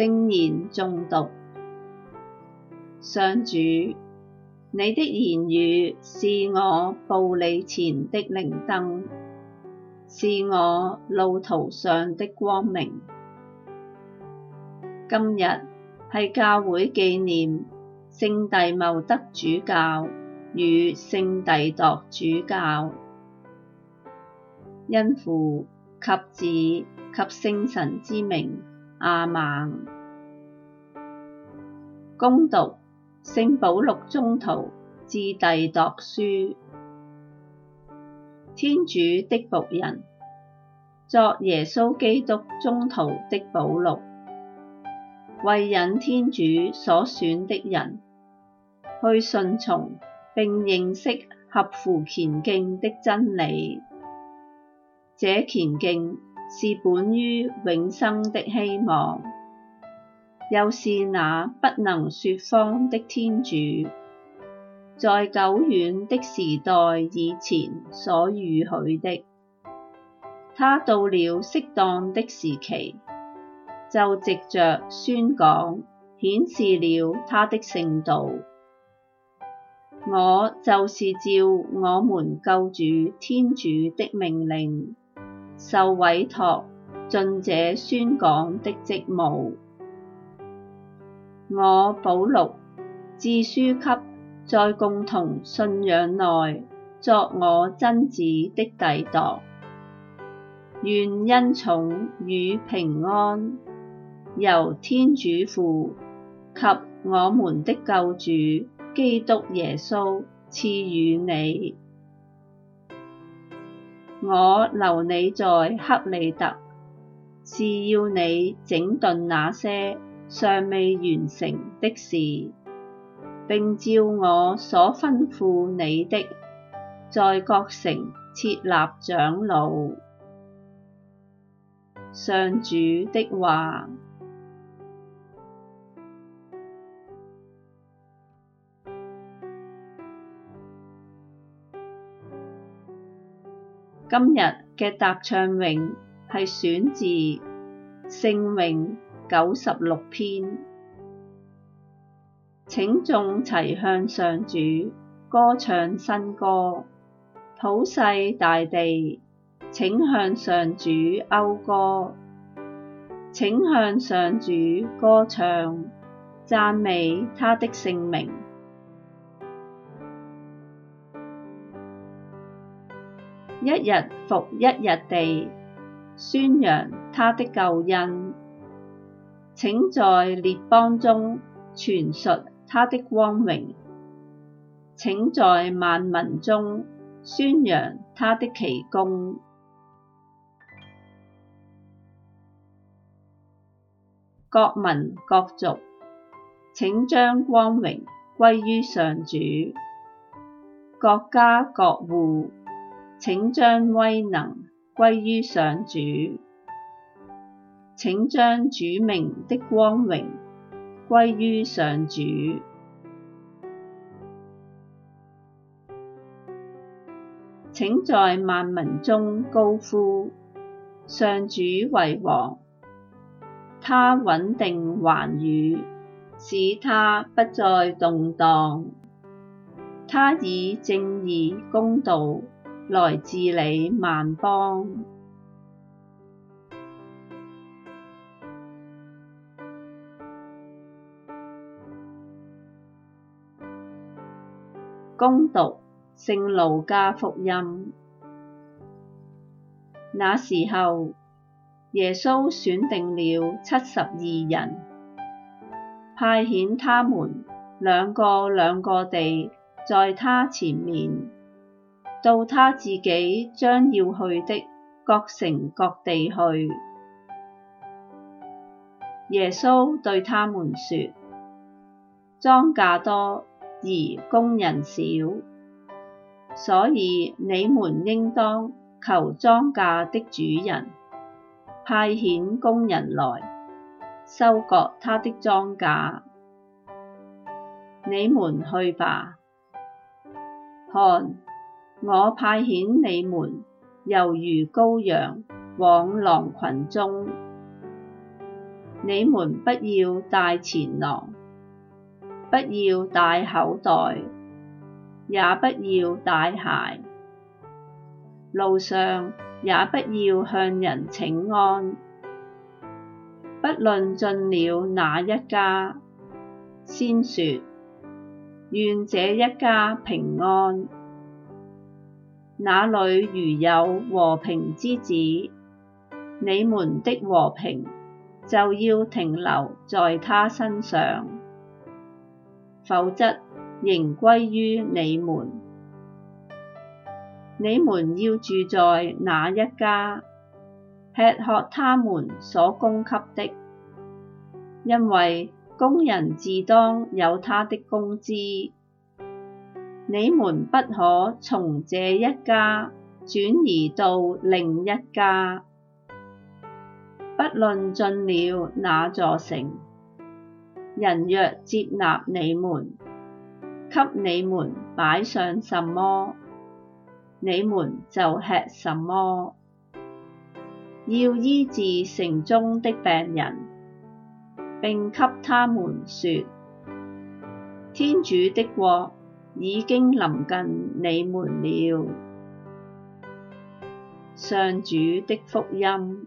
聖言誦讀。上主，你的言語是我步履前的靈燈，是我路途上的光明。今日係教會紀念聖弟茂德主教與聖弟鐸主教，因父及子及聖神之名。阿孟。恭讀聖保祿宗徒致弟鐸書。天主的僕人，作耶穌基督宗徒的保祿，為引天主所選的人，去信從並認識合乎虔敬的真理，這虔敬。是本於永生的希望，又是那不能説謊的天主，在久遠的時代以前所預許的。他到了適當的時期，就藉着宣講，顯示了他的聖道。我就是照我們救主天主的命令。受委託盡這宣講的職務，我保祿致書給在共同信仰內作我真子的弟鐸，願恩寵與平安由天主父及我們的救主基督耶穌賜與你。我留你在克里特，是要你整頓那些尚未完成的事，並照我所吩咐你的，在各城設立長老。上主的話。今日嘅答唱詠係選自聖詠九十六篇。請眾齊向上主歌唱新歌，普世大地請向上主謳歌，請向上主歌唱，讚美他的聖名。一日復一日地宣揚他的救恩，請在列邦中傳述他的光榮，請在萬民中宣揚他的奇功。各民各族，請將光榮歸於上主。各家各戶。請將威能歸於上主，請將主名的光榮歸於上主。請在萬民中高呼：上主為王，他穩定寰宇，使他不再動盪。他以正義公道。來治理萬邦。恭讀《聖路加福音》。那時候，耶穌選定了七十二人，派遣他們兩個兩個地在他前面。到他自己將要去的各城各地去。耶穌對他們說：莊稼多而工人少，所以你們應當求莊稼的主人，派遣工人來，收割他的莊稼。你們去吧。看。我派遣你們，猶如羔羊往狼群中，你們不要帶錢囊，不要帶口袋，也不要帶鞋，路上也不要向人請安，不論進了哪一家，先説願這一家平安。那裏如有和平之子，你們的和平就要停留在他身上，否則仍歸於你們。你們要住在那一家，吃喝他們所供給的，因為工人自當有他的工資。你們不可從這一家轉移到另一家，不論進了那座城，人若接納你們，給你們擺上什麼，你們就吃什麼。要醫治城中的病人，並給他們說：天主的國已經臨近你們了。上主的福音。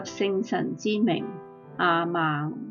及聖神之名，阿曼。Man.